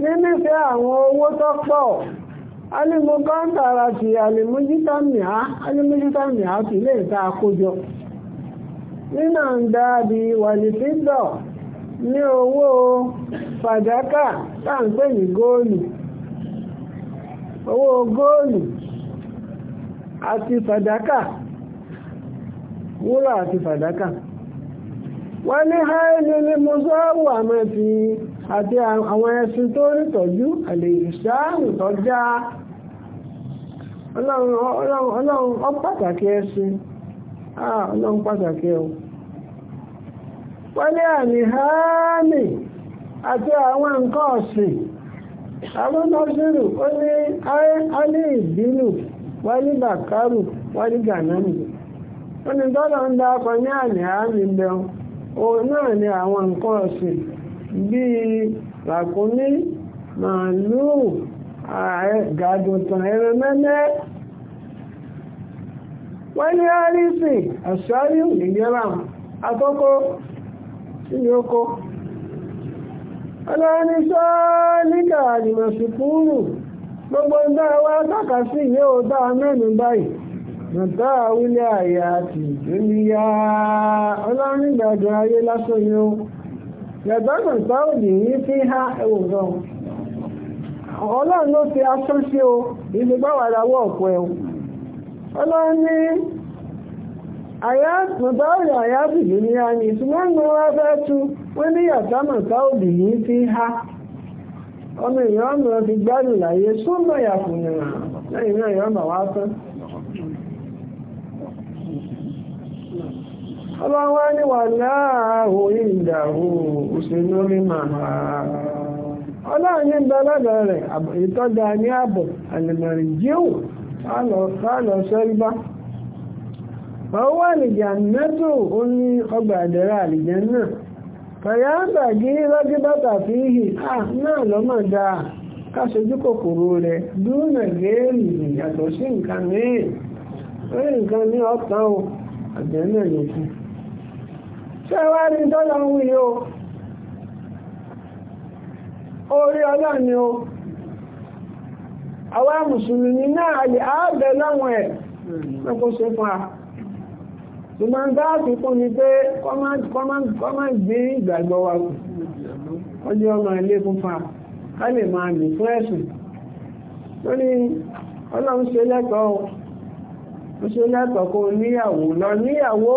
nínífẹ́ àwọn owó tó pọ̀ alimugọ́ntara ti alimujitamiha ti lè ta àkójọ nínà ń dáàbí wàlìfídọ̀ ní owó fàdákà táǹpé ní góòlù owó góòlù àti wúrà àti wọ́n ni haile ní mọ́sáàwù àmọ́tí àti àwọn ẹṣin tó rí tọ́jú àlè ìṣáàwù tọ́já ọlọ́run pàtàkì ẹṣin ọlọ́run pàtàkì ẹ̀ wọ́n àmì àti àwọn nǹkan ọ̀sìn àwọn ó ní alé ìbínú wọ́n bàkárù ó o náà ni àwọn nǹkan ọ̀sìn bíi ràkúnmí màálùú gàdùntàn ẹran mẹ́mẹ́ wọ́n ní àríṣì àṣáyù nìyẹ́ra àkọ́kọ́ sílé oko ọlọ́ni sọ́ọ́líkà àdìmọ̀sí fúrù gbogbo ń dá ẹwà sákàsí ìyẹ́ òdá mẹ́rin báyìí mọ̀tá wílé àyà àti ìdúnlíyà ọlọ́rìngbàdùn ayé lásán yìí ó yàgbọ́nà sáwòdì fi ha ẹwọ̀n gan ọlọ́run ló fi aṣọ sí o ìdí gbáwàrà ọ̀pọ̀ ẹ̀ ọlọ́run ní mọ̀tá wílé àyà àti ni ìtumọ̀ ń gbọ́ wá fẹ́ tú wọ́n ní òdì fi ha. ọmọ ọmọ ti gbádùn láyé lẹ́yìn náà bà wá ọlọ́wọ́ ní wà láàáhù ìdàhù òṣèlú mímọ̀ ọlọ́run ní ìdọ́lọ́dọ̀ rẹ̀ ìtọ́jà ní ààbọ̀ àlèmọ̀rì jíò sálọ sẹ́ríbá ọwọ́ ní ọgbà náà káṣojú kòkòrò rẹ̀ dúnà sí nǹkan ní ọ̀tán ṣẹ́wárí dọ́là ń wí o orí ọlọ́ni o àwa mùsùlùmí náà alì ààbẹ̀ láwọn ẹ̀ mẹ́kọ́ ṣe fún a ṣùgbọ́n dáàbì fún ni pé kọ́má gbé ìgbàgbọ́ wa ọjọ́ ọmọ ilé fún fa ká lè máa mì fún ẹ̀sùn lórí ọlọ́run ṣe lẹ́tọ̀ọ́ ṣe lẹ́tọ̀ọ́ kó níyàwó lọ níyàwó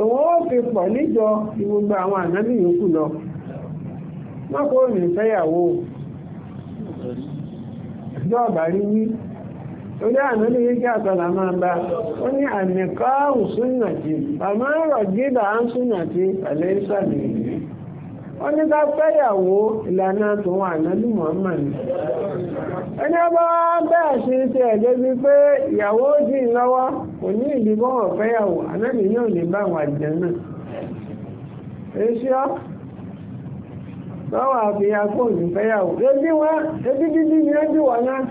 ni wọ́n fi pọ̀ níjọ ti gbogbo àwọn ànábì yòókù lọ mọ́kò òní fẹ́yàwó ọjọ́ ọ̀bà rí wí orí ànábì yìí àtọ́là máa bá ó ní àmì kọ́ àwùsùn nàti àmọ́ á pẹ̀lẹ́ wọ́n ní ká fẹ́yàwó ìlànà tòun ànábì Muhammad ẹni ọba bẹ́ẹ̀ ṣe ń ṣe ẹ̀jẹ̀ pé ìyàwó dì lọ́wọ́ kò ní ìdí bọ́wọ̀ fẹ́yàwó ànábì yóò lè bá àwọn àjẹ́ náà èsì ọ́ lọ́wọ́ àfihàn kò ní fẹ́yàwó ebi wọn ebi dídí ni ó dì wọ́n náà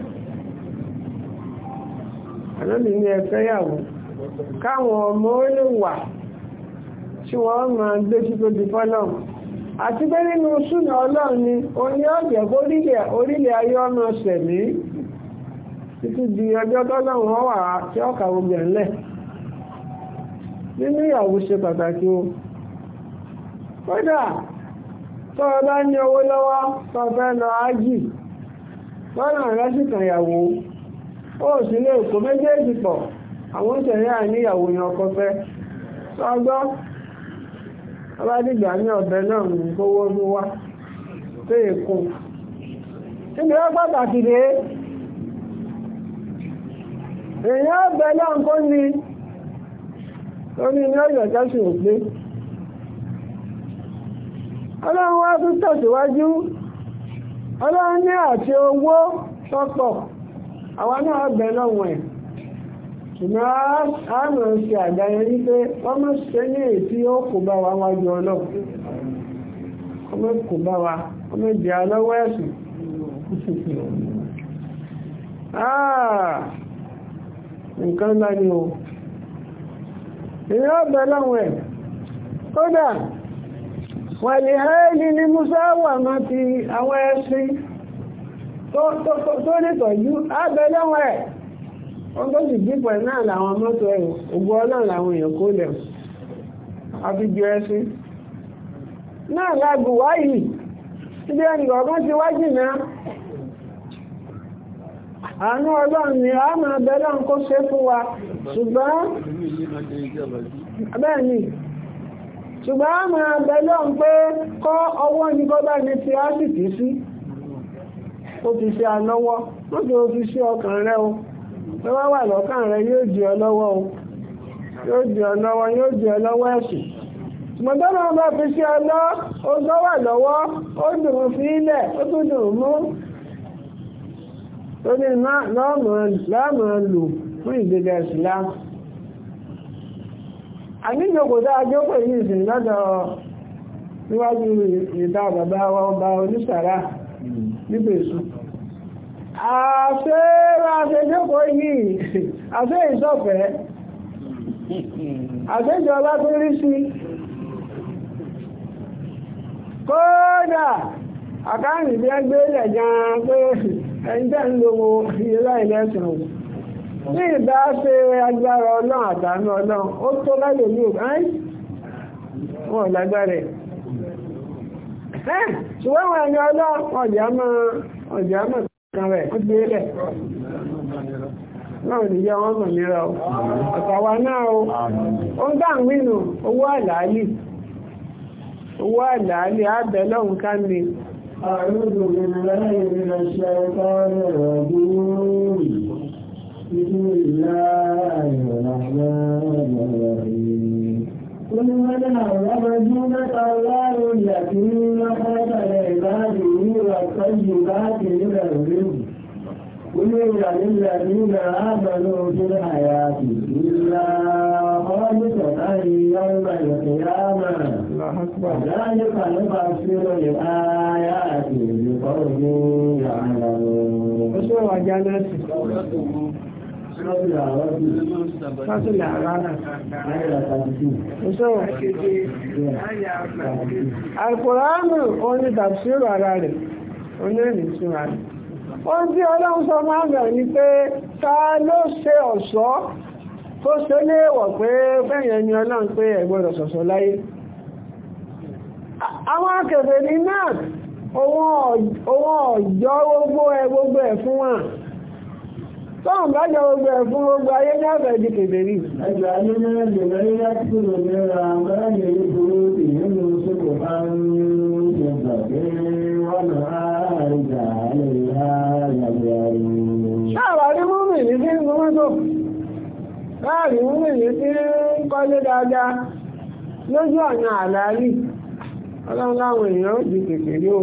ànábì ní ẹ fẹ́yàwó káwọn ọmọ ó lè wà tí wọ́n máa gbé títí fọ́lọ́mù. àti pé nínú súnà ọlọ́run ni oní ọ̀jẹ̀ kórílẹ̀ orílẹ̀ ayé ọ̀nà sẹ̀mí títí di ọjọ́ tọ́lọ́run ọ̀wà tí ọkà gbogbo ẹ̀ nínú ìyàwó ṣe pàtàkì o kódà tó bá ní owó lọ́wọ́ tó lọ ájì lọ́nà rẹ̀ sì ọba ní ọ̀bẹ̀ náà ń gbówó ní wá tó èkó níbi pàtàkì dé èyàn ọ̀bẹ náà kó ní orí ní ọ̀yọ̀ jọ́sì òpé ọlọ́run wá tún tẹ̀síwájú ọlọ́run ní àti owó sọ́pọ̀ ṣùgbọ́n a máa ṣe àdáyẹ wípé wọ́n ṣe ní ó kò bá wa wájú ọlọ́run ọmọ kò bá wa ọmọ ìjà lọ́wọ́ ẹ̀sùn ah! nǹkan ńlá ni o ìyá ẹ̀ kódà wà ní hẹ́ẹ̀lì ní musa wà má ti àwọn ẹ̀sìn tó nítọ̀jú ábẹ̀ ogójì dípọ̀ náà làwọn mọ́tò ẹ̀rọ ọlọ́run làwọn èèyàn kó lẹ̀ àfijọ́ ẹṣin náà lágùn wáyìí ibi ẹnìkan kan ti wájì náà àánú ọlọ́run ni a máa bẹ̀rẹ̀ kó ṣe fún wa ṣùgbọ́n bẹ́ẹ̀ ni ṣùgbọ́n a máa bẹ̀rẹ̀ pé kọ́ ọwọ́ ní ní ti sí ó tó wá wà lọ́kàn rẹ yóò jẹ ọ ya o yóò jẹ ọ ya yóò jẹ ọ ẹ̀sìn mọ̀tọ́nà ọba fi ṣe ọlọ́ ó gọ́wà lọ́wọ́ ó dùn fi ilẹ̀ ó tún dùn mú tó ní láàmù lò fún ìgbéga Islam àníjòkó ya yìí ìsìn lọ́dọ̀ níwájú ìta bàbá wa ọba oníṣàrá àṣẹ àṣẹjọ́pọ̀ yìí àṣẹ ìṣọ̀fẹ́ àṣẹjọ́ lábẹ́rí sí kódà àkáàrì bí ẹgbẹ́ ilẹ̀ gan pé ẹ̀ńtẹ́ ń lo ilé ìlẹ́sìn ní ìdáṣe agbára ọlọ́run àtàánú ọlọ́run ó tó láyé ní òkàn kan rẹ̀ kó gbé Náà ni yẹ wọ́n mọ̀ níra o. Ọ̀tàwà náà o. Ó ń dá ìwínú owó àlàálì. Owó àlàálì ká ní. الطيبات من الرزق قل للذين آمنوا في الحياة إلا خالصة يوم القيامة وذلك نفسر الآيات لقوم يعلمون. Fásílẹ̀ àrárá. Ìṣòwò. Alkùránù ó ní tàbí sí ara rẹ̀ onáàlì súnra rẹ̀ wọ́n tí ọlọ́run sọ máa bẹ̀rẹ̀ ni pé ta ló ṣe ọ̀ṣọ́ tó ṣe léèwọ̀ pé bẹ́yẹn ni ọlọ́run pé ẹ̀gbọ́dọ̀ ṣọ̀ṣọ́ láyé àwọn akẹ̀fẹ̀ ní náà owó ọ̀jọ́ gbogbo ẹ gbogbo ẹ̀ fún wọn tọ́hùn bá jọ gbogbo ẹ̀ fún gbogbo ayé ní ọ̀fẹ́ di kèdè rí. ẹgbẹ́ àìjà àìyá yàgbẹ̀rẹ̀. Ṣáàrà rí múmi ní sí ń gúnmọ́tò, láàrí múmi ní sí ń kọ́lé dáadáa lójú ọ̀nà àlàárí. Ọlọ́run láwọn èèyàn ó di kékeré o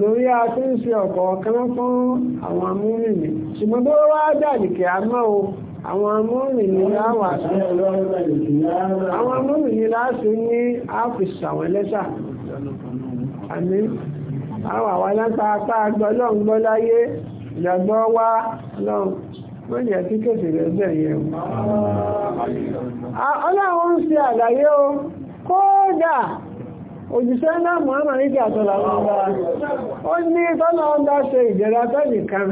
lórí àtúnṣe ọ̀kọ̀ kan fún àwọn amúrìnì ṣùgbọ́n tó wá dàdì kí a mọ́ o àwọn amúrìnì láwà àwọn amúrìnì ní áfíìsì àwọn ẹlẹ́sà àwọn àwọn alápáapá gbọ́lọ́n gbọ́ láyé ìjàgbọ́ wá lọ́n wọ́n jẹ́ kí kèsì rẹ̀ bẹ̀yẹ ọlọ́run ń ṣe àlàyé o kódà òjìṣẹ́ náà Muhammad ní àtọ́lá ọ̀dá ó ní tọ́lá ọ̀dá ṣe ìjẹ̀rà tẹ́nìkan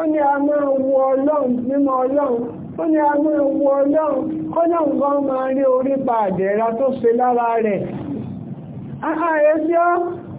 ó ní a máa wo ọlọ́run mímọ́ ọlọ́run ó ní a máa wo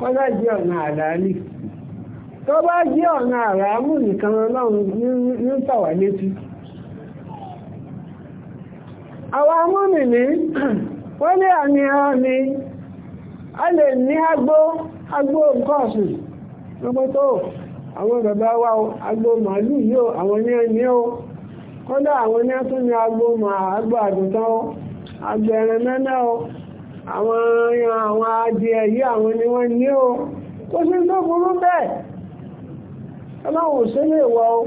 kọ́lá jẹ́ ọ̀nà àlàálì tó bá jẹ́ ọ̀nà àràámù nìkan ọlọ́run ní tàwà létí àwọn amúnì wọ́n ni a lè ní agbó agbó nǹkan ọ̀sìn àwọn bàbá wa agbó màálù yóò àwọn ní ẹni ó kọ́lá àwọn ní ẹ̀tún ní agbó màá àwọn àwọn adìẹ ẹ̀yí àwọn ni wọ́n ní o kó sí tó burú bẹ́ẹ̀ ọlọ́run ṣe lè wọ o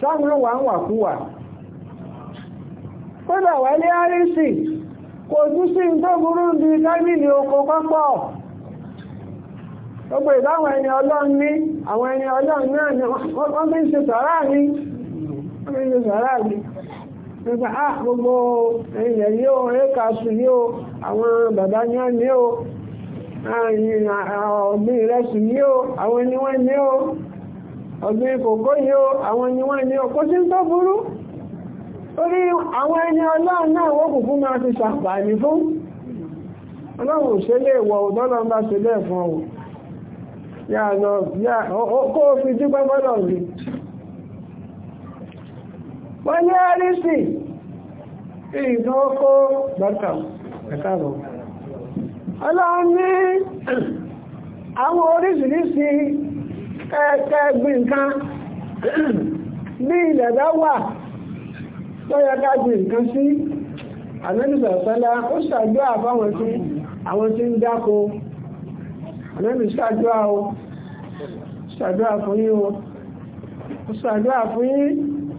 sáwọn wà ń wà ní àrísì kò tú sí tó burú bí oko pápọ̀ gbogbo ẹni ọlọ́run ní àwọn ẹni ọlọ́run náà ni wọ́n fi nípa ah, á gbogbo èèyàn yìí éka sùn yìí àwọn bàbá yẹn ní ó ọ̀gbìn ìrẹsì yìí ó àwọn ni ní ó ọ̀gbìn kòkó yìí ó àwọn ni ní ó kó sí ń tó burú torí àwọn ẹni ọlọ́run náà kùkú máa fi ṣàǹfààní fún ọlọ́run ṣe lè wọ ọ̀dọ́lọ́run bá ṣe bẹ́ẹ̀ fún kó o fi dúpẹ́ bọ́lọ̀ wọ́n ní àrísì ìdán kó gbọ́ta ẹ̀kàrọ̀ ọlọ́run ní àwọn oríṣiríṣi ẹ̀ẹ̀kẹ́gbì nǹkan bí ilẹ̀ wà tó yẹ ká gbì nǹkan sí àmẹ́lùsọ̀ ó ṣàjọ́ àfáwọn tí àwọn tí ń dáko àwọn àfúnyí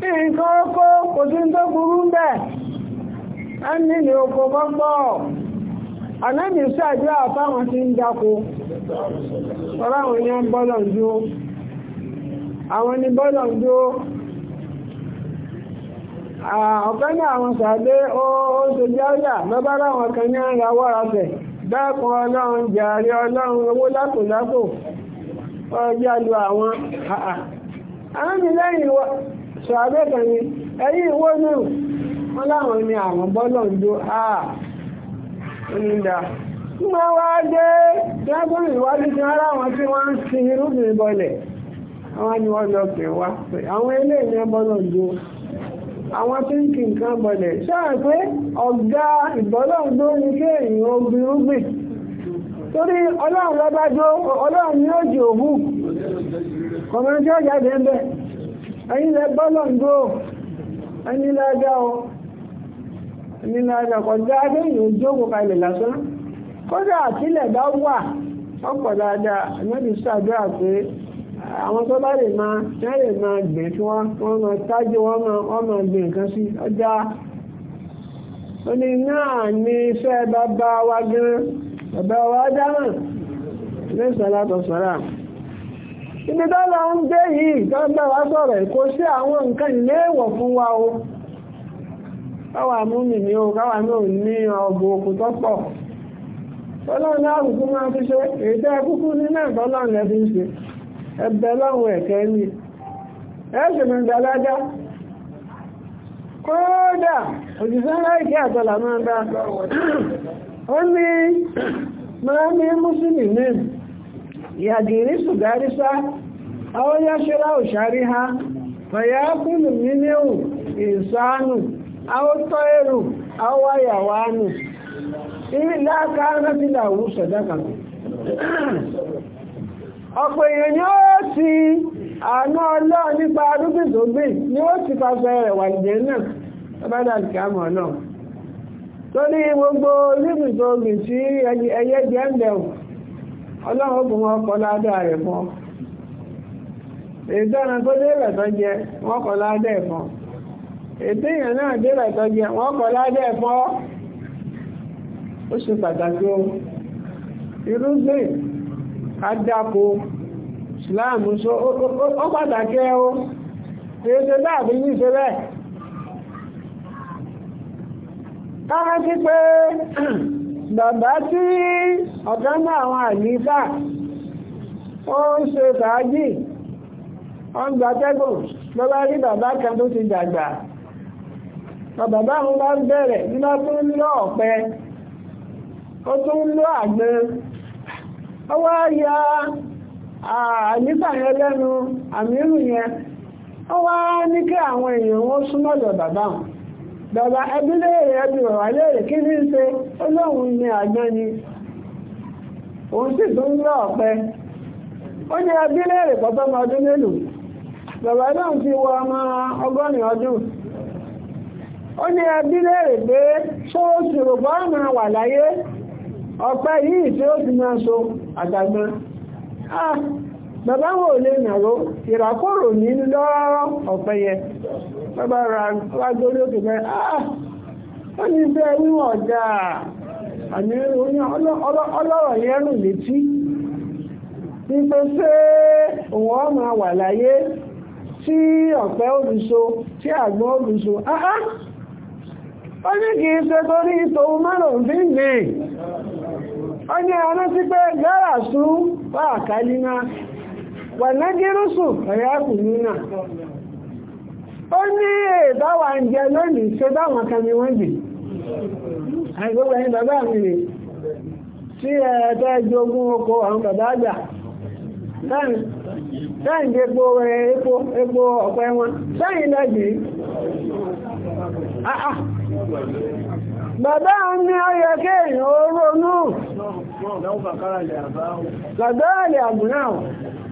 nǹkan oko kò sí tó burú bẹ̀ ẹ́ nílé oko gbọ́gbọ́ ànábì ṣàdúrà fáwọn tí ń dáko ọ̀ráwọn ní bọ́lọ̀ ń dúró àwọn ní bọ́lọ̀ ń dúró ọ̀kan ní àwọn sàdé ó ṣe jáúdà lọ́bára àwọn kan ní ara wọ́ra fẹ̀ dákun ọlọ́run jàre ọlọ́run owó lákòlákò ọjọ́ lu àwọn àmì lẹ́yìn sọ abẹ́kẹ̀ ni ẹ̀yìn ìwọ náà wọ́n ni àwọn bọ́lọ̀ ń do a onídà nígbà wá dé lágbóhùn ìwádìí tí wọ́n láwọn tí wọ́n ń sin irúgbìn bọlẹ̀ àwọn ni wọ́n lọ pè wá pé àwọn eléyìí ń bọ́lọ̀ ń àwọn tí ń kí nǹkan pé ọ̀gá ìbọ́lọ̀ ń ni irúgbìn torí ẹ̀yin lẹ gbọ́dọ̀ ń o ẹ̀yin lẹ dá kọjá akéyìn kọjọ kalẹ̀ lásán kódà àtìlẹ̀ bá wà ọ̀pọ̀ dáadáa ẹ̀mẹ́bí ṣàdúrà pé àwọn tó bá lè máa tẹ́ lè tájú nǹkan sí ọjà ní bàbá wa bàbá wa tó ibi tọ́lọ ń gbé yìí tọ́gbà wá sọ̀rọ̀ kò sí àwọn nǹkan ìléèwọ̀ fún wa o káwà múmi ní o káwà náà ní ọgbọ̀ òkú tọ́pọ̀ tọ́lọ́run láàrùkú máa fi ṣe èdè kúkú ní náà tọ́lọ́run lẹ́bí ń ṣe ẹbẹ̀ lọ́run ẹ̀kẹ́ ní ẹ̀ṣẹ̀ mi gbàlágá kódà òṣìṣẹ́ láìkẹ́ àtọ́là máa ń bá ó ní máa ní mùsùlùmí يدرس دارسا أو يشرع شارها فيأكل منه إنسان أو طير أو حيوان إلا كانت له صدقة ọ̀pọ̀ èèyàn ni ó ti àánú ọlọ́run nípa arúgbìn tó gbé ni ó ti pàṣẹ rẹ̀ wà ìjẹ́ náà ọbádà ìkàmọ̀ náà torí gbogbo olúgbìn tó gbìn tí ẹyẹ jẹ́ ń ọlọ́run bù wọn kọ́ ládà ètò ẹran tó délẹ̀ tó jẹ wọn kọ́ ládà ọ ètò èèyàn náà délẹ̀ tó jẹ ó ṣe pàtàkì o adáko ó pàtàkì o ètò dáàbí ní pé bàbá tí ọ̀kan náà àwọn àlífà ó ń ṣe fàájì ó ń gbatẹ́gùn ló bá rí bàbá kan tó ti dàgbà bàbá àwọn bá ń bẹ̀rẹ̀ nígbà tó ń lọ ọ̀pẹ ó tó ń lọ àgbẹ̀ ó wá ya àlífà yẹn lẹ́nu àmì àmírù yẹn ó wá ní kí àwọn èèyàn ó súnmọ́ lọ bàbá wọn bàbá ẹbí léèrè ẹbí bàbá léèrè kí ní ṣe ọlọ́run ni àgbọn ni òun sì tún lọ ọ̀pẹ ó ní ẹbí léèrè ọmọ ọdún mélòó bàbá ti wọ ọmọ ọgọ́rin ọdún ó ní ẹbí léèrè pé ṣóòṣì rògbọ́ ọmọ wà láyé ọ̀pẹ yìí tí bàbá wo ò lè nàró ìràkòrò ní lọ́rọ́ ọ̀pẹ yẹn bàbá ra wá òkè bẹ́ẹ̀ ah wọ́n ní bẹ́ẹ̀ wíwọ̀n ọ̀dà àmì ọlọ́rọ̀ yẹn rùn létí wípé òun ọmọ wà láyé tí ọ̀pẹ tí ah, ah. torí ìtòun márùn-ún bí ní ọ̀nà sí pé wà wẹ̀lẹ́gírúsù ẹ̀yà kùnú náà ó ní ìbáwà ń jẹ lónìí ṣe báwọn kan wọ́n jì àìgbogbo ẹni bàbá mi rè sí ẹ̀ẹ́dẹ́ jogún oko àwọn bàbá àgbà sáyìn jẹ epo epo wọn sáyìn ah, ah. lẹ́gbì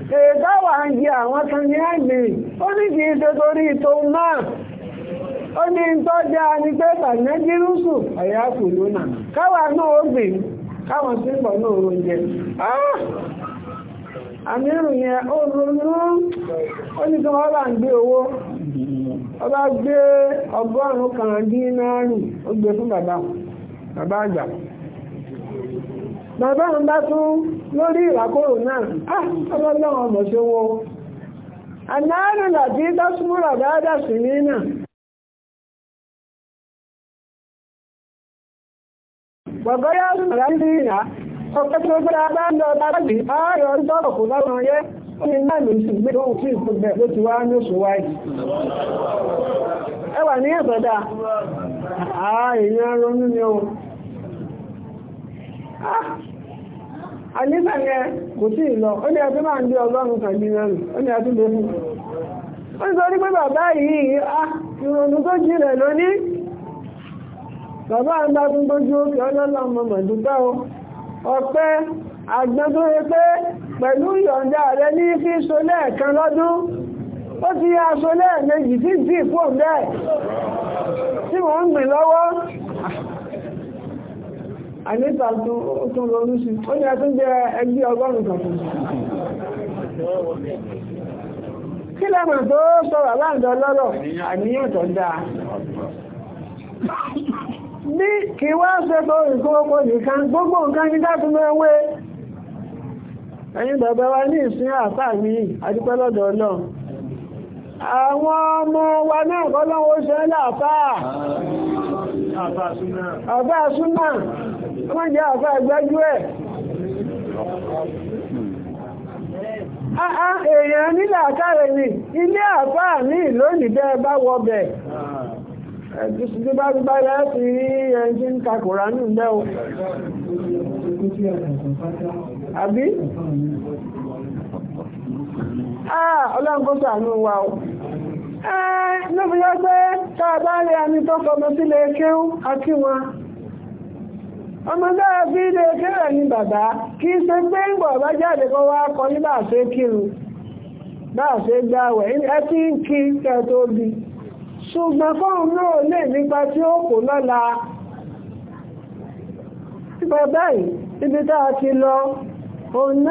e ń jẹ àwọn kan ní àgbè ó ní kì í tó náà ó ní tọ́jà ní pé tànẹ́jírúsù ẹ̀yà kù káwà náà ó gbìn káwọn sí pọ̀ náà ó jẹ ah! àmírù yẹn ó ó ní kí wọ́n bá ń ọba gbé ọgọ́rùn-ún kan dín náà bàbá ń bá tún lórí ìràkóró náà ah ọmọ ṣe wo àlàáfíà láti dásúmúrà bá dà sí nínà bàbá yá ní ìrìnà ọ̀pẹ́ tó gbọ́dá bá ń lọ tàbí ń lọ́rọ̀ àníbà yẹn kò tí ì ó ní ẹtí máa ń gbé ọgọ́rùn-ún kan ó ní ẹtí lókun ó ń sọ ní pé bàbá yìí ah, ìrònú tó jinlẹ̀ lónìí bàbá ń bá tún gbójú òkè ọlọ́lọ́ ọmọ mọ̀dúgbà o ọpẹ́ àgbọn pé pẹ̀lú ìyọ̀ǹda rẹ ní fi so lẹ́ẹ̀kan lọ́dún ó ti yá aṣọ lẹ́ẹ̀mejì tí ì fún bẹ́ẹ̀ tí mò ń gbìn lọ́wọ́ àníta tún ronú sí ó ní ẹtún jẹ ẹgbẹ́ ọgọ́rùn-ún kí lẹ́mọ̀ tó sọ̀rọ̀ aláǹdọ̀ lọ́rọ̀ àníyàn tó dáa ní kí gbogbo nǹkan àwọn ọmọ wa náà àbá súnà wọ́n jẹ́ àbá ìgbájú ẹ̀ àà hmm. ah, ah, èèyàn nílà àkàrẹ̀ ni ilé àbá ní lónìí bẹ́ẹ̀ bá wọ bẹ̀ ah. ẹ̀dùsùdí bá ti bára ti rí ẹni tí ń takòrá ní ìgbẹ́ o àbí? àà ọlọ́nkọ́sà ní wa o ló fi yá pé táà bá rí àmì tó kọmọ sílé kéwú àti wọn ọmọ náà fi ilé kéwú ní bàbá kì í ṣe pé ń bọ̀ bá jáde kó wá kọ ní bá ṣe kírun bá ṣe gbáwẹ̀ ẹ ti ń kí kẹ tó bi ṣùgbọ́n fóun náà lè nípa tí ó kò lọ́la nípa báyìí ibi tá a ti lọ òun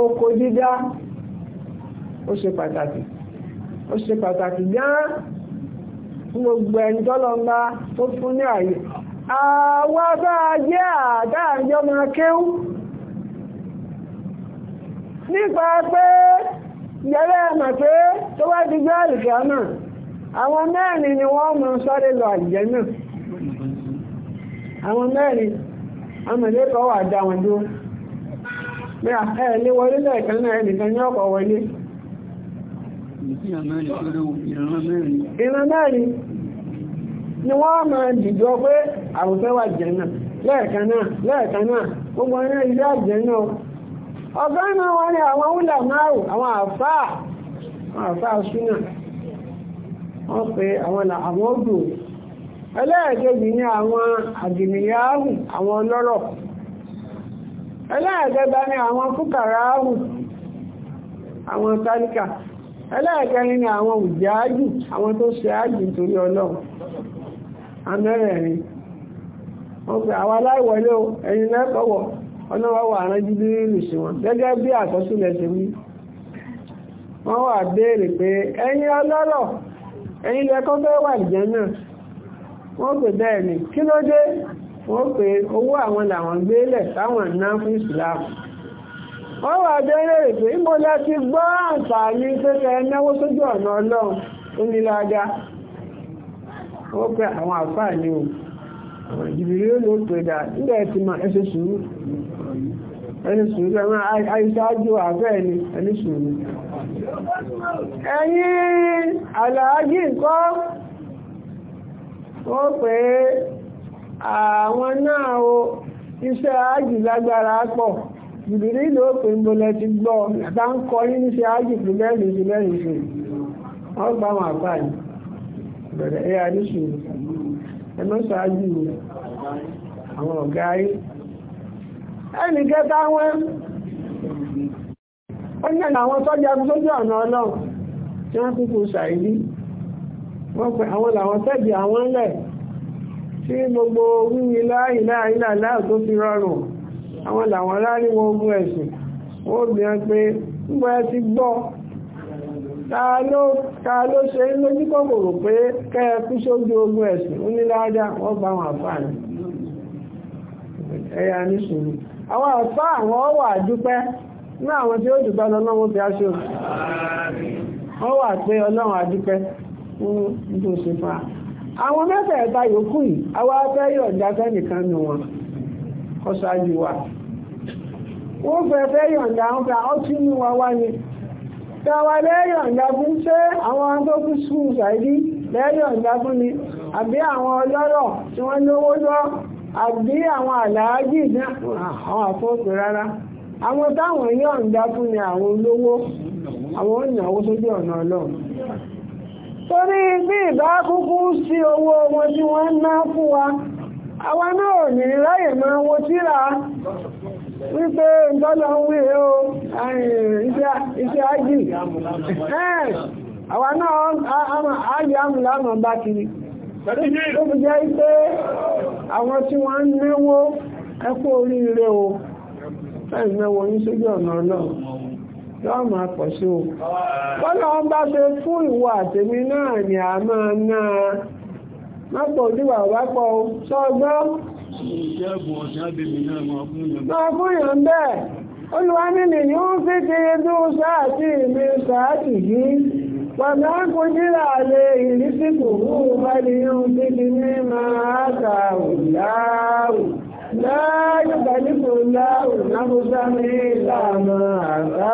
òkò dídá ó ṣe pàtàkì ó ṣe pàtàkì gan gbogbo ẹni tó fún ní ààyè àwọn abáa jẹ́ àdáàjọ́ máa kéwú nípa pé yẹ́rẹ́ ẹ̀mà pé tó wá di gbé àlùkà náà àwọn mẹ́rin ni wọ́n mọ̀ sáré lọ àjẹ́ náà àwọn mẹ́rin amẹ̀lẹ́kọ̀ọ́ wà dá wọn dúró bí ẹ̀ lé wọlé lẹ́ẹ̀kan náà ẹnìkan ní ọkọ̀ wọlé ìran mẹ́rin ni wọ́n máa dìjọ pé àwùfẹ́ wà jẹ́nà lẹ́ẹ̀kan náà lẹ́ẹ̀kan náà gbogbo ẹ̀rẹ́ ilé àjẹ́nà ọ̀gá náà wọ́n ní àwọn wúlà márùn àwọn àfáà àfáà súnà wọ́n pe àwọn àwọn odò ẹlẹ́ẹ̀kejì ní àwọn àgbìnìyàáhù àwọn ọlọ́rọ̀ ẹlẹ́ẹ̀kẹta ní àwọn fúkàrááhù àwọn tálíkà ẹlẹ́ẹ̀kẹrin ni àwọn òjì ájì àwọn tó ṣe ájì ntuli ọlọ́run amẹ́rẹ̀rin wọ́n pẹ̀ àwọn aláìwọlé o ẹ̀yin lẹ́kọ̀ọ́wọ̀ ọlọ́wọ́wọ́ àrán jíbí rírì sí wọn gẹ́gẹ́ bí àkọsílẹ̀ ṣe wí wọ́n wà béèrè pé ẹ̀yin ọlọ́rọ̀ ẹ̀yin lẹ́kọ́ fẹ́ wà ìjẹ́ náà wọ́n bẹ́ẹ̀ ni kí ló dé Ọ wà bẹ́rẹ̀ ètò ìbò láti gbọ́ àǹfààní pẹ́kẹ́ náwó sójú ọ̀nà ọlọ́run ó ní ó pẹ́ àwọn àǹfààní o ó ló pè dà nígbà ẹ̀ ma mọ sùúrù ẹni sùúrù ẹ̀mọ́ àìṣáájú lágbára pọ̀ ìbìrí ìlú òpè ń bolẹ̀ ti gbọ́ ìgbà ń kọ yín níṣẹ́ ájì fún mẹ́rin sí mẹ́rin sí wọ́n gbà wọn àpá bẹ̀rẹ̀ ẹ àdíṣù ẹ ṣáájú àwọn ọ̀gá yìí ẹnì kẹta wọn ó ní ẹ̀nà àwọn sọ́jà sójú ọ̀nà ọlọ́run tí wọ́n kúkú ṣàìdí wọ́n pẹ̀ àwọn làwọn tẹ́jì àwọn tí gbogbo wíwí àwọn làwọn aláríwọ̀ ogun ẹ̀sìn wọ́n gbìyàn pé nígbà ẹ ti gbọ́ ta ló ṣe ń lójú kòkòrò pé kẹ́ẹ̀ kú sójú ogun ẹ̀sìn ó wọ́n bá wọn àfáàní ẹ̀yà ní sùúrù àwọn àfá àwọn wà dúpẹ́ ní àwọn tí ó dùgbà a àwọn mẹ́fẹ̀ẹ́ta yòókù yìí àwọn afẹ́ yọ̀ọ̀dá nìkan kọ́sáájú wa wọ́n fẹ́fẹ́ yọ̀ǹda ń gba ọtí ní wa wá fún ṣé àwọn agbókù fún ni àbí àwọn ọlọ́rọ̀ tí wọ́n lówó lọ àbí àwọn àlàájì àwọn torí bí ìbá kúkú sí owó wọn tí wọ́n ń ná fún wa àwa náà ò ní láyè máa wo síra wípé ìtọ́lọ ń wí o iṣẹ́ ájì àwa náà ájì àmúlámọ̀ bá kiri ló fi jẹ́ àwọn tí wọ́n ń náwó ẹkú oríire o fẹ́ẹ̀ náwó yín sójú ọ̀nà náà yóò máa pọ̀ sí o bọ́lá wọn bá ṣe fún ìwọ àtẹ̀mí náà ni a máa náà mọ́pọ̀ òdíwà wápọ̀ sọ́gbọ́ máa fún yàn bẹ́ẹ̀ olùwà nínú yóò fi ti dú sáàtì mi sáàtì yìí pàmì àkójílà lè ìrísí kò mú báyìí yóò fi ti ní máa kà òláwù láàyè bàlíkò láàrù náfúsá ní ìlànà àgbà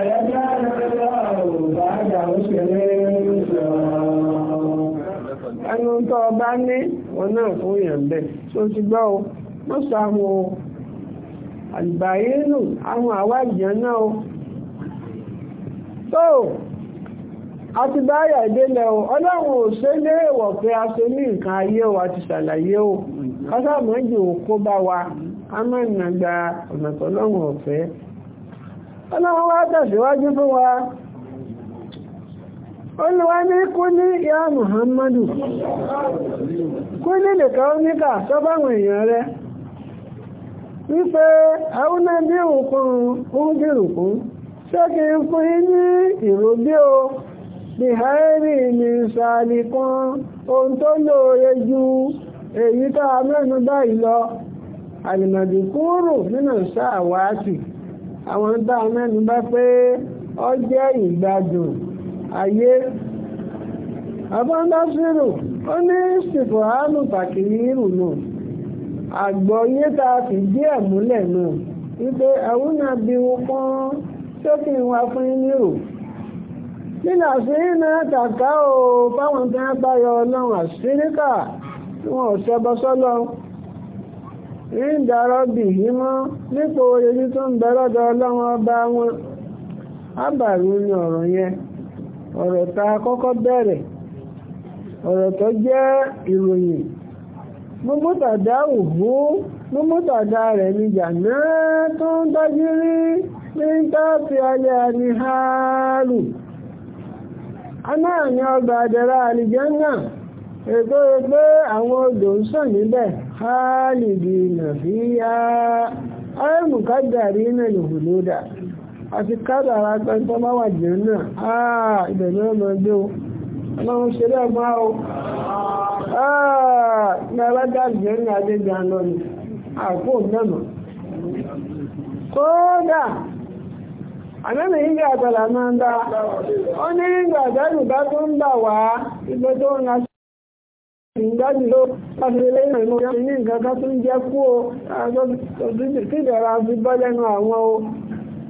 ẹ̀yà náà lọ́rù bá dà ó ṣẹlẹ̀ ẹnu tó ní wọn náà fún yàn bẹ́ẹ̀ tó ti gbọ́ o wọ́n sọ àwọn ahụ àwọn àwájìyà náà o tó àti báyà ìdélẹ̀ o ọlọ́run ò ṣe léèwọ̀ pé a ṣe ní nǹkan ayé o àti ṣàlàyé o kọ́sàmọ́jì kó bá wa a ọ̀nà tọ́lọ́run ọ̀fẹ́ ọlọ́run wá tẹ̀síwájú fún wa. olùwà ní kú ní ìyá muhammadu kú ní nìkan oníkà tó wọn èèyàn rẹ wípé àwọnà bí òkun oúnjẹ́rùkún ṣé kí fún ní ìròbí o bí haẹ́rì ní ìsàlì kan ohun tó lóore ju èyí tá a báyìí lọ àlìmọ̀dì kúrò nínú àwọn aye abọ́ndásírò onye ní ìsìnkú àánú tàkìrírù náà àgbọ̀yé tá a fi díẹ̀ múlẹ̀ náà wípé àwúnà bí wọn pọ́n nwa wa fún nírò nínú àṣírí náà o fáwọn tí wọ́n báyọ ọlọ́run ni yẹn ọ̀rọ̀ tá kọ́kọ́ bẹ̀rẹ̀ ọ̀rọ̀ tó jẹ́ ìròyìn mímútàdá òhú mímútàdá rẹ̀ ni jàǹdà tó ń dájú rí ní tàbí alẹ́ àní hálù anáà ni ọgbà àdẹ̀rà àlìjẹ́nà ètò pé àwọn odò ń sàn níbẹ̀ nàfíyà ayé mùkádàrí náà lòhùn àti kádàrà pẹ́ntọ́ bá jẹ́ náà àà ibẹ̀ náà ẹgbẹ́ o ọlọ́run ṣe rẹ̀ o àà ní alága jẹ́ ní adéjà lọ ni àpò mẹ́mọ̀ kódà àmẹ́mì ìgbà àtàlà máa ń ní àtàlù bá tó ń bà wá tó ń ra ìgbàjì ló lẹ́yìn ìmọ̀ ní nǹkan ká jẹ́ kú o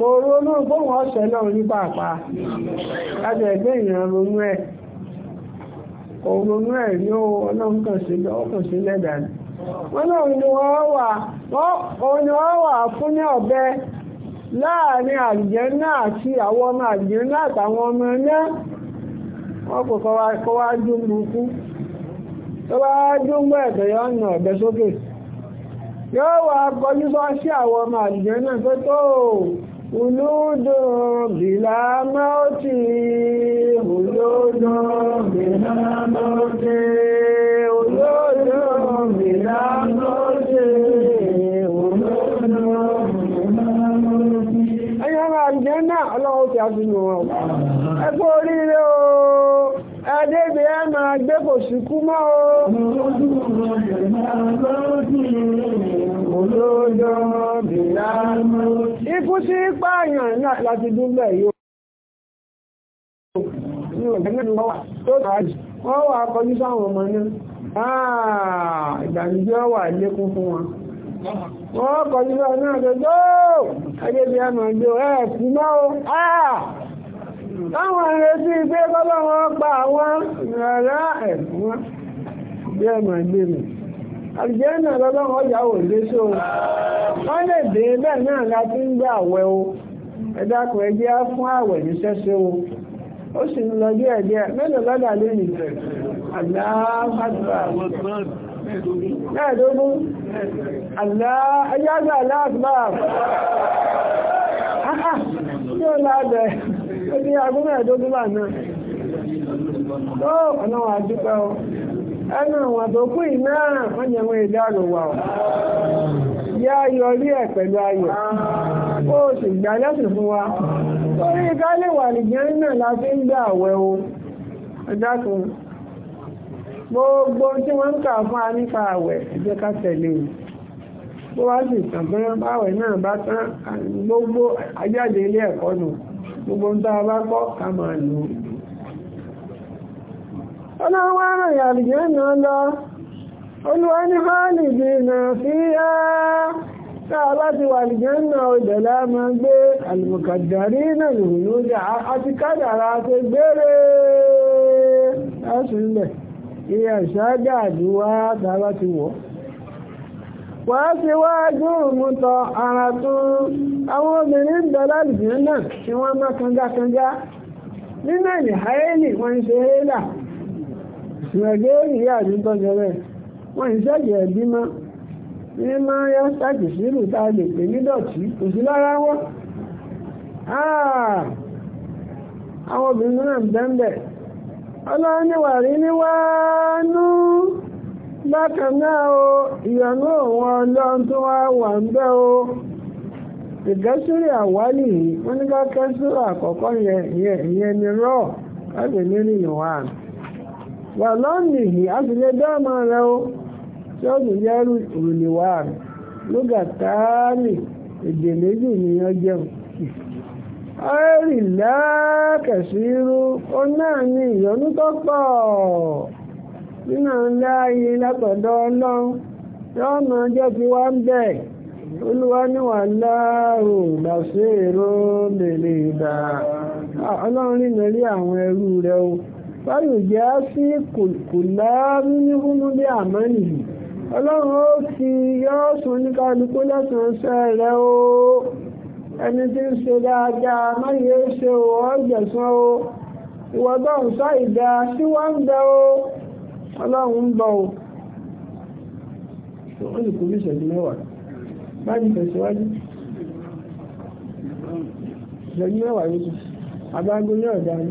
kò náà bóhùn ọ̀sẹ̀ náà ní pàápàá láti ẹgbẹ́ ìyàn ronú ẹ̀ kò ẹ̀ ní ọlọ́run sí lẹ́dà ni wọ́n wà fún ní ọ̀bẹ láàrin àjẹ́ náà àti àwọn ọmọ ọmọ náà wọ́n kò kọ́ wá tó bá ọ̀nà ọ̀bẹ sókè Hulúdùn bìlá mọ́tí, hulúdùn bìlá mọ́tí, hulúdùn bìlá mọ́tí, hulúdùn bìlá mọ́tí. Ẹyọ́ máa ń jẹ́ náà ọlọ́run ti àfihàn wọn. Ẹ kú oríire o, ẹdẹ́gbẹ̀ ẹ máa gbé kò síkú mọ́ o. Hulúdùn bìlá mọ́tí. Ikú sí nípa àyàn náà láti dúnbẹ̀ yóò ní ọ̀gẹ́gẹ́ tó wà tó tàájì wọ́n wà kọjú sáwọn ọmọ náà àà ìgbàmìjọ́ wà lékún fún wọn wọ́n kọjú sáwọn náà tó tó ẹgbẹ́ bí a mọ̀ jò ẹ̀ sí mọ́ àà táwọn ìrètí pé kọ́lọ́ wọn pa àwọn ìrọ̀lá ẹ̀fún wọn bí ẹ̀ mọ̀ àlùjẹ́nà lọ́lọ́wọ́ yàwó léṣe o wọ́n lè dé bẹ́ẹ̀ náà la ti ń gbé àwẹ̀ o ẹgbẹ́ fún àwẹ̀ ní sẹ́sẹ́ o ó sì ń lọ díẹ̀ díẹ̀ mélòó lọ́dà lónìí àgbáfàgbà mẹ́ẹ̀dógún aláàgbà tí ó lábẹ̀ ó ti bà náà wà dúpẹ́ o. ẹnu àwọn àtòkù iná mọ́nyẹ̀wọ̀n èdè àrùwà ọ̀ ya yọrí ẹ̀ pẹ̀lú ayọ̀ ó sì gbà lẹ́sìn fún wa torí ká lè wà nìyẹn la fi ń gbà àwẹ̀ o gbogbo tí wọ́n ń kà fún a nípa àwẹ̀ ẹ̀jẹ̀ ká tẹ̀lé o bó wá sì tàn pé báwẹ̀ náà bá tán gbogbo ajáde gbogbo ń tá a ọlọ́wọ́ rẹ̀ àrìjẹ́ náà lọ olúwa ní hálì dìnà sí á táà bá ti wà nìjẹ́ náà ọdẹ̀ láàmà gbé alìmọ̀kàdàrí náà lòrò lórí àti kádàrà tó gbére lásìlẹ̀ ìyà ìṣáájà àdúwá táà bá ti wọ̀ wàá ti wá jùmù ara tó àwọn obìnrin ń bẹ lálùjẹ́ náà tí wọ́n má kangakanga nínú ìhàyẹ́lì wọ́n ń ṣe hélà ìrẹ̀gẹ́rì yà ní tọ́jọ́rẹ́ wọ́n ìṣẹ́jẹ̀ ẹ̀bí mọ́ ní máa yá sáàkì sílù tá lè pè ní dọ̀tí kò sí lára wọ́n àwọn obìnrin náà ọlọ́run ní bákan náà o òun ọlọ́run tó wá wà ń bẹ́ o wà lọ́nìhì a sì lè dáàmà rẹ̀ ó tí ó sì jẹ́ rùlìwà rẹ̀ lóga táàmì èdè méjì ni ó jẹun ẹ́rì lákẹ̀sírú ó náà ní ìyọnú tó pọ̀ nínú láàyè látọ̀dọ̀ ọlọ́run máa jẹ́ ti wá ń bẹ̀ olúwa níwà láàrò èrò lè lè dà ọlọ́run rí báyìí jẹ́ sí kùlá mímúhúnú bí àmọ́nì yìí ọlọ́run ó fi yọ́ọ̀sùn oníkálukú lẹ́sàn-án sẹ́ rẹ̀ o ẹni tí ń ṣe dáadáa máyé ṣe o ọ̀gbẹ̀sán o ìwọ́dọ̀ ń sá ìdá sí wá ń bẹ o ọlọ́run ń bọ̀ o. ó lè kó ìṣẹ́jú mẹ́wàá báyìí tẹ̀síwájú ìṣẹ́jú mẹ́wàá yóò tún abágbó ọ̀dá ni.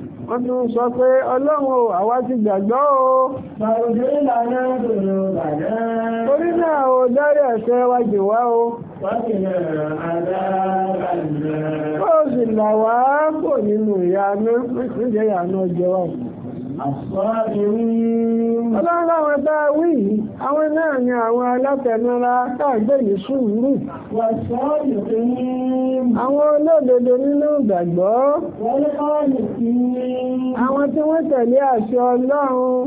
wọ́n tún sọ pé ọlọ́run o àwa ti gbàgbọ́ o torí o wa o ó sì là wá kò nínú ìyá náà níjẹ́ ìyá náà jẹ́ wà Ọlọ́láwọn bá wí yìí, àwọn náà ni àwọn alátẹnura káàgbé yìí sùúrù. Àwọn olódodo nínú ìgbàgbọ́. Àwọn tí wọ́n tẹ̀lé àṣẹ Ọlọ́run.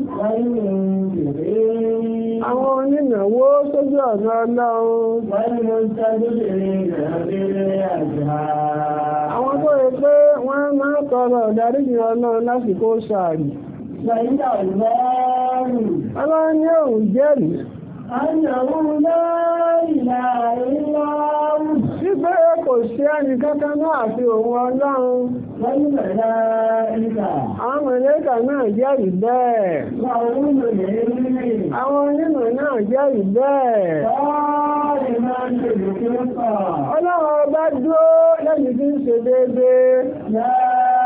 Àwọn onínàwó sójú ọ̀nà Ọlọ́run. Àwọn tó rẹ̀ pé wọ́n máa tọrọ ìdáríjì Ọlọ́run lásìkò sáàrì. Ọlọ́run ní òun jẹ́rìí. Wípé kò sí ẹni kankan náà àti òun ọlọ́run. Àwọn mẹ̀lẹ́kà náà jẹ́rìí bẹ́ẹ̀. Àwọn onímọ̀ náà jẹ́rìí bẹ́ẹ̀. Ọlọ́run ọba dúró lẹ́yìn tí ń ṣe déédéé.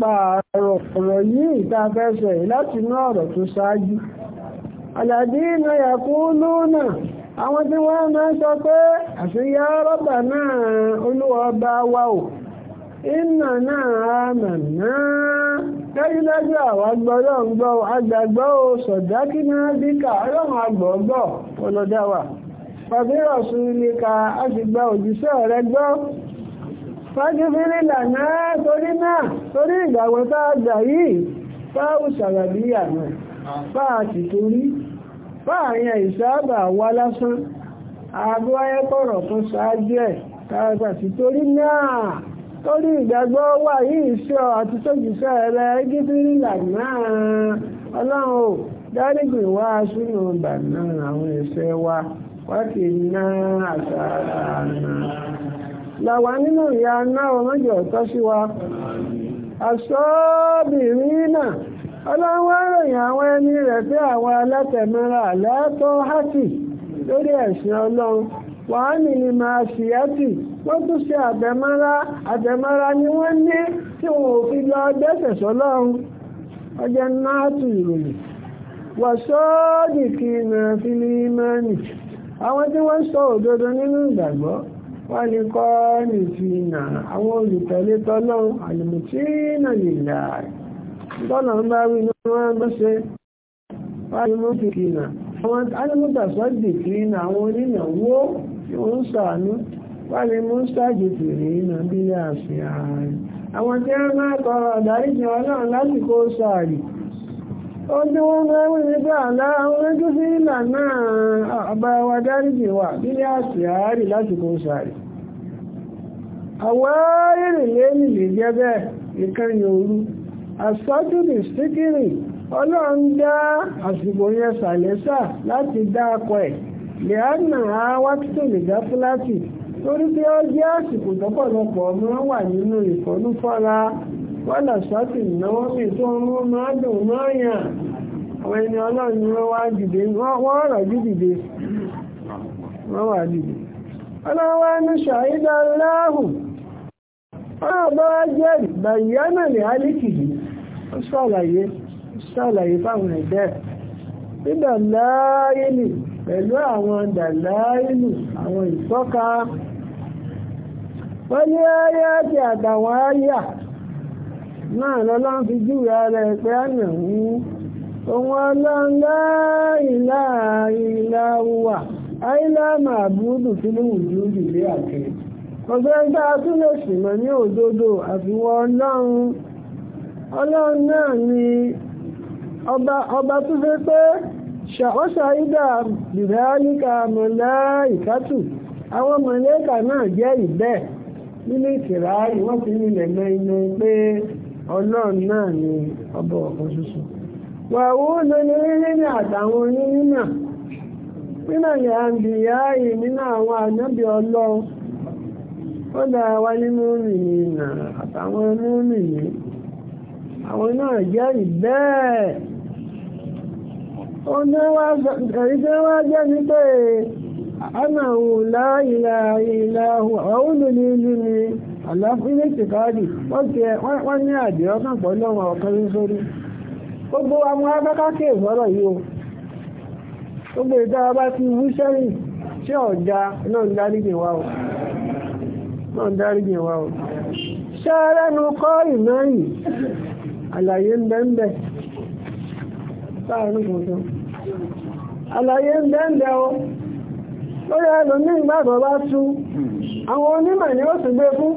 pààrọ̀ ọ̀rọ̀ yìí ìtafẹ́sọ̀ yìí láti ọ̀rọ̀ tó ṣáájú àlàdí iná yàkú lónà àwọn tí wọ́n máa sọ pé àṣíyá rọ́bà náà olúwa bá wà ò iná náà màmá o náà gbọ́ fájúfírí lànà torí náà torí ìgbàwọ̀ tá a gbà yìí fáwù sàràbí àmà fáà sì torí fáàrin ìsáàbà wá lásán àbú ayẹ́kọ̀rọ̀ fún ṣáájú ẹ̀ tààgbà sí torí náà torí ìgbàgbọ́ wà yìí ṣọ́ àti tójúṣẹ́ rẹ̀ gífírí lànà ọlọ́run ò dárígbì wá sínú bàná àwọn ẹ̀ṣẹ̀ wa wákìí náà àṣà àná làwà nínú ìyá náà mọ́jọ ọ̀tọ́ sí wa àṣọ́bìnrin náà ọlọ́wọ́ ìròyìn àwọn ẹni rẹ̀ pé àwọn alátẹ̀mọ́ra àlẹ́tọ́ hátì lórí ẹ̀sìn ọlọ́run wàá nìyí máa ṣìyẹ́tì wọ́n tún ṣe àbẹ̀mọ́ra àbẹ̀mọ́ra ni wọ́n ní tí wọn ò fi lọ dẹ́sẹ̀ sọ́lọ́run ọjọ́ náà tù ìròyìn fili kìnnà fílímọ́nì àwọn tí wọ́n sọ òdodo nínú ìgbàgbọ́ wọ́n lè kọ́ ní ìfìnà àwọn olùtẹ̀lé tọ́lọ́ àlùmùtí náà lè là tọ́lọ̀ ń bá wí ní wọ́n bá wọ́n mú ìfìnà àwọn alẹ́mọ́tàsọ́dì fìnà àwọn onínàwó ń sàánú wọ́n lè mú sáàjì náà bí i àṣìyàn àwọn tí wọ́n máa ojú wọn fẹ́ wí nígbà ọrụ lójú sí ìlànà àbá wa dáríjì wà nílé àṣìárì láti kó sàárì àwárìrì lè jẹ́ bẹ́ẹ̀ ìkẹyìn òru àsọ́jú ní síkírì ọlọ́run dá àsìkò yẹn sàlẹ́sà láti dá akọ ẹ̀ lẹ́ánà àwátítò lè dá fúláàtì torí pé ó àsìkò tọ́pọ̀lọpọ̀ ọmọ wà nínú wọ́dà sọ́tì náwó sì tó mú máa dùn àwọn ẹni ọlọ́run ni wọ́n wá dìde wọ́n rọ̀jú dìde wọ́n wà dìde ọlọ́wọ́ ní ṣàídà láàrùn pẹ̀lú àwọn dàláìlì àwọn ìtọ́ka wọ́n ní ayé àti àtàwọn ayà náà lọ́lọ́run fi júwe ara a pé àná ń òun ọlọ́lá ìlà ìlà wà tí ló wù ú àti ọ̀gbẹ́gbẹ́ atúlẹ̀sì mọ̀ ní òdodo àfiwọ́ ọlọ́run ọlọ́run náà ni ọba tó fẹ́ pé ṣàkóṣà ìdá mọ̀lá ìkátù àwọn mọ̀lẹ́kà náà jẹ́ ìbẹ́ẹ̀ nínú ìtìráyì wọ́n fi nílẹ̀ ọlọ́run náà ni ọba ọ̀kan ṣoṣo wà owó lóní rírìn àtàwọn nínà ní àǹbìyá yìí nínú àwọn ànábì ọlọ́run ó dára wá nínú rìnrìnà àtàwọn onírìnà àwọn náà jẹ́rìí bẹ́ẹ̀ oníwájẹ́ ní pé ana òun láìláìláhùn àwọn olùlú ní àlàáfíà ní ìsìnkáàdì wọ́n ní àdìẹ́ ọkàn pọ̀ lọ́wọ́ ọ̀kan sórí gbogbo àwọn abẹ́kákè ìfọ́rọ̀ yìí o gbogbo ìdára bá ti wú sẹ́yìn tí ọ̀já náà ń dárígbìn wá o náà ń dárígbìn wá o ṣẹ́rẹ́nu kọ́ ìmẹ́yìn àlàyé ń bẹ́ńbẹ́ sáàrin kankan àlàyé ń bẹ́ńbẹ́ o lórí ẹlòmíì gbàgbọ́ bá tú àwọn onímọ̀ ni ó sì gbé fún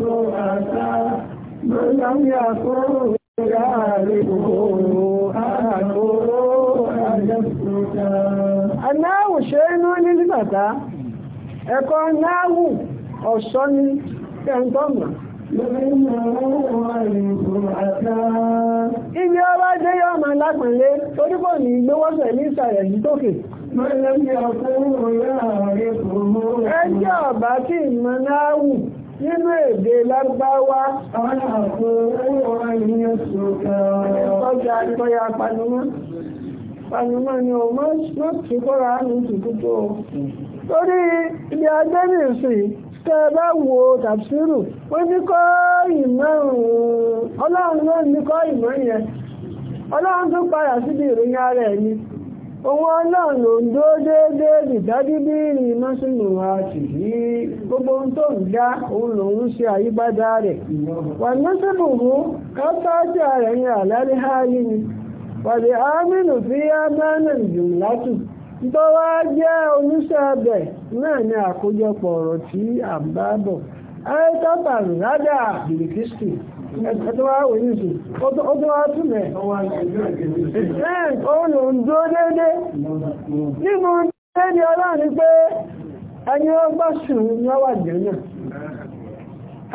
لم يكن Anáwù ṣe inú nílí bàtá, ẹ̀kọ́ náàwù ọ̀ṣọ́ ni kẹntọ́mà. Ibi ọba jẹ́ yọ ọmọ lápẹ̀lé, torí kò ní gbówọ́sẹ̀ ní ìsàrẹ̀ yìí tókè. Ẹjọ́ ọba tí ìmọ̀ náàwù nínú èdè lárúbáwá ọjọ́ panimọ́ panimọ́ ya wo tàbsírù wọ́n ní kọ́ ìmọ̀rùn-ún ọlọ́run náà ní kọ́ ìmọ̀ yẹn ọlọ́run tó padà síbi ìròyìn ara ẹ̀ ni owó ọlọ́run ló ń dó déédéé ìdádíbírì mọ́sùlù àtìrí gbogbo ohun tó ń dá òun lòun ṣe àyípadà rẹ̀ wà násìbò mú kápáàtì ní àlálẹ́ háyé ni wàdí ámìnù fi ámánà jùmùlátù tó wá jẹ́ oníṣẹ́ abẹ náà ni àkójọpọ̀ ọ̀rọ̀ tí ẹ̀tọ́ wá pé ẹni wọ́n bá sùn ní ọwà jẹ́nà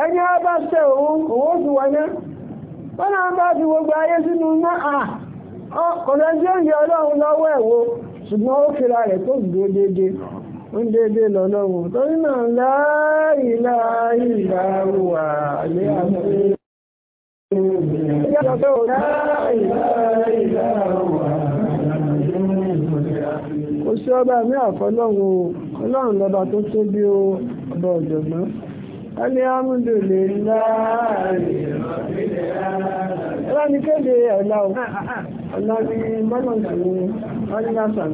ẹni wọ́n bá sẹ òun òun ó wọ́n náà bá fi gbogbo ayé sínú náà ọkọ̀lẹ́ jẹ́ ìyẹ ọlọ́run lọ́wọ́ ẹ̀wọ́ ṣùgbọ́n ó kíra rẹ̀ tó dúró Kò sí ọba ẹ̀mí àfọlọ́run ọlọ́run lọ́ba tó tó bí ọba ọ̀jọ̀gbọ́n. A ní ámúdò lè láàárín. Ọlá ní kéde ọla ò. Ọ̀la ní mọ́nà ìsìn ní ọdún láṣà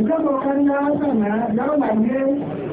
Ìjọba ọ̀kan ní àwọn ọ̀sán náà, lọ́wọ́ màá